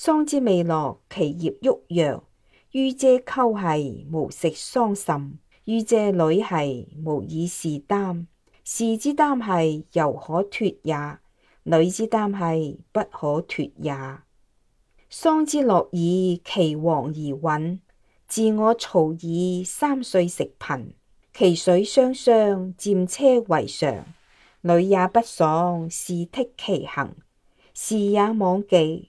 桑之未落，其葉沃若。于嗟鳩兮，無食桑葚；于嗟女兮，無與士耽。士之耽兮，猶可脫也；女之耽兮，不可脫也。桑之落矣，其黃而隕。自我徂爾，三歲食貧。淇水湯湯，漸車帷裳。女也不爽，士忒其行。士也罔極。